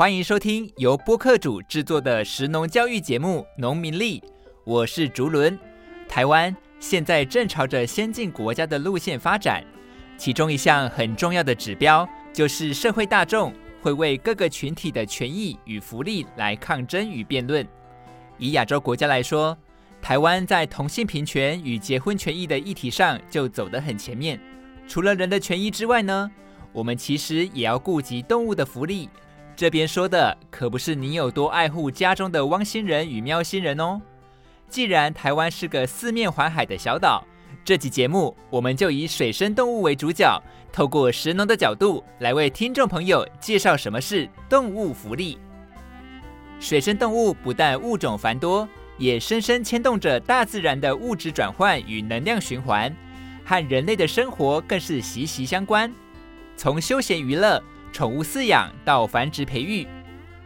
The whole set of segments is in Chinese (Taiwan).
歡迎收聽由播客煮制作的食農教育節目《農民力》，我是竹倫。台灣現在正朝着先進國家的路線發展，其中一項很重要的指標就是社會大眾會為各個群體的權益與福利來抗爭與辯論。以亞洲國家來說，台灣在同性平權與結婚權益的議題上就走得很前面。除了人的權益之外呢，我們其實也要顧及動物的福利。這邊說的可不是你有多愛護家中的汪星人與喵星人哦。既然台灣是個四面環海的小島，這期節目我們就以水生動物為主角，透過食農的角度來為聽眾朋友介紹什麼是動物福利。水生動物不但物種繁多，也深深牽動着大自然的物質轉換與能量循環，和人類的生活更是息息相關。從休閒娛樂，寵物飼養到繁殖培育，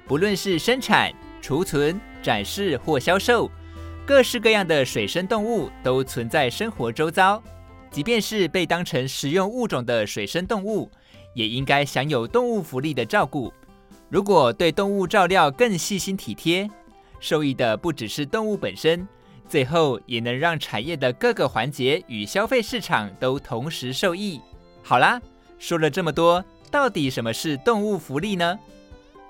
不論是生產、儲存、展示或銷售，各式各樣的水生動物都存在生活周遭。即便是被當成食用物種的水生動物，也應該享有動物福利的照顧。如果對動物照料更細心體貼，受益的不只是動物本身，最後也能讓產業的各個環節與消費市場都同時受益。好啦，說了這麼多。到底什麼是動物福利呢？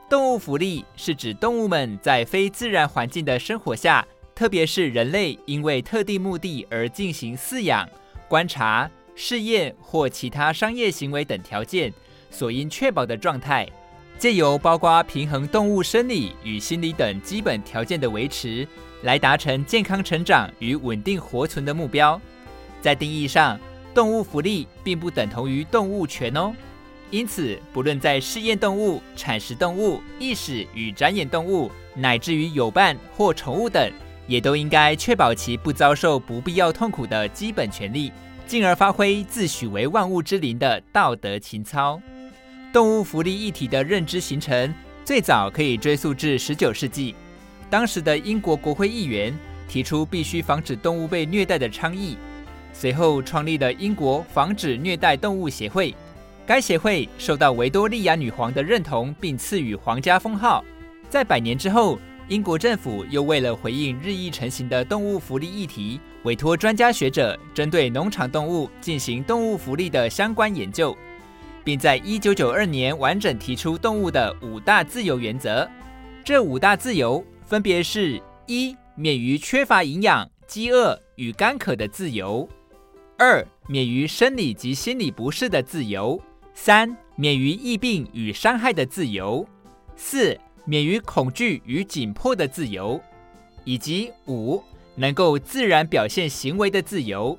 動物福利是指動物們在非自然環境的生活下，特別是人類因為特定目的而進行飼養、觀察、試驗或其他商業行為等條件所應確保的狀態，借由包括平衡動物生理與心理等基本條件的維持，來達成健康成長與穩定活存的目標。在定義上，動物福利並不等同於動物權哦。因此，不論在試驗動物、產食動物、意識與展演動物，乃至於友伴或寵物等，也都應該確保其不遭受不必要痛苦的基本權利，進而發揮自詡為萬物之靈的道德情操。動物福利議題的認知形成最早可以追溯至十九世紀，當時的英國國會議員提出必須防止動物被虐待的倡議，隨後創立了英國防止虐待動物協會。該協會受到維多利亞女皇的認同，並賜予皇家封號。在百年之後，英國政府又為了回應日益成型的動物福利議題，委託專家學者針對農場動物進行動物福利的相關研究，並在一九九二年完整提出動物的五大自由原則。這五大自由分別是：一、免於缺乏營養、飢餓與乾渴的自由；二、免於生理及心理不適的自由。三、免於疫病與傷害的自由；四、免於恐懼與緊迫的自由；以及五、能夠自然表現行為的自由。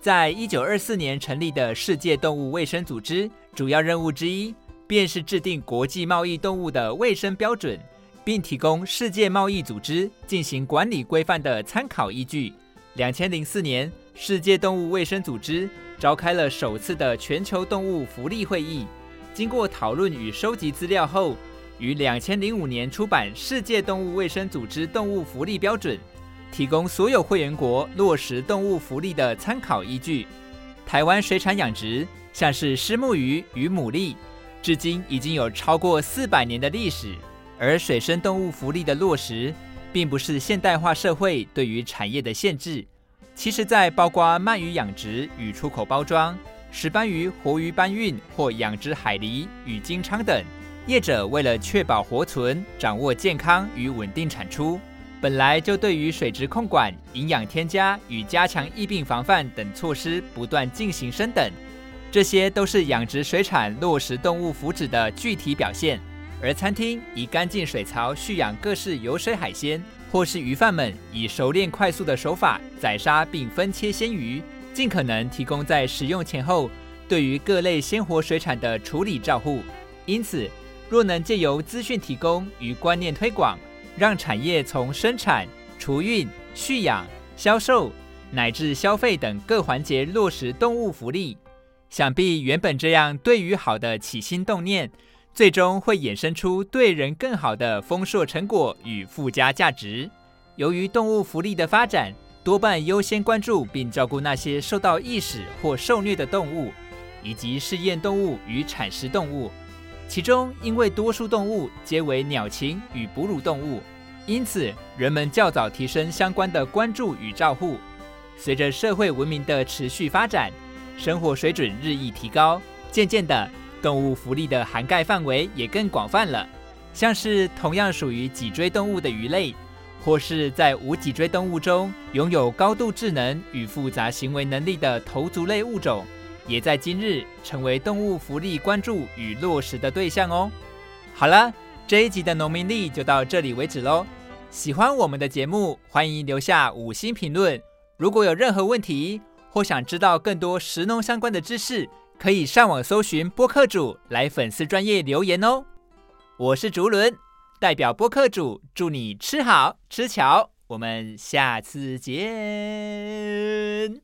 在一九二四年成立的世界動物衛生組織，主要任務之一便是制定國際貿易動物的衛生標準，並提供世界貿易組織進行管理規範的參考依據。兩千零四年。世界動物衛生組織召開了首次的全球動物福利會議。經過討論與收集資料後，於兩千零五年出版《世界動物衛生組織動物福利標準》，提供所有會員國落實動物福利的參考依據。台灣水產養殖，像是虱目魚與牡蠣，至今已經有超過四百年的歷史。而水生動物福利的落實，並不是現代化社會對於產業的限制。其實，在包括鰻魚養殖與出口包裝、石斑魚活魚搬運或養殖海鱺與金鲳等業者，為了確保活存、掌握健康與穩定產出，本來就對於水質控管、營養添加與加強疫病防範等措施不斷進行升等。這些都是養殖水產落實動物福祉的具體表現。而餐廳以乾淨水槽蓄養各式游水海鮮。或是魚販們以熟練、快速的手法宰殺並分切鮮魚，盡可能提供在食用前後對於各類鮮活水產的處理照護。因此，若能借由資訊提供與觀念推廣，讓產業從生產、儲運、蓄養、銷售乃至消費等各環節落實動物福利，想必原本這樣對魚好的起心動念。最終會衍生出對人更好的豐碩成果與附加價值。由於動物福利的發展，多半優先關注並照顧那些受到遺棄或受虐的動物，以及試驗動物與產食動物。其中，因為多數動物皆為鳥禽與哺乳動物，因此人們較早提升相關的關注與照護。隨着社會文明的持續發展，生活水準日益提高，漸漸的。動物福利的涵蓋範圍也更廣泛了，像是同樣屬於脊椎動物的魚類，或是在無脊椎動物中擁有高度智能與複雜行為能力的頭足類物種，也在今日成為動物福利關注與落實的對象哦。好了，這一集的農民力就到這裡為止嘍。喜歡我們的節目，歡迎留下五星評論。如果有任何問題，或想知道更多食農相關的知識，可以上網搜尋播客煮來粉絲專頁留言哦。我是竹輪，代表播客煮祝你吃好吃巧，我們下次見。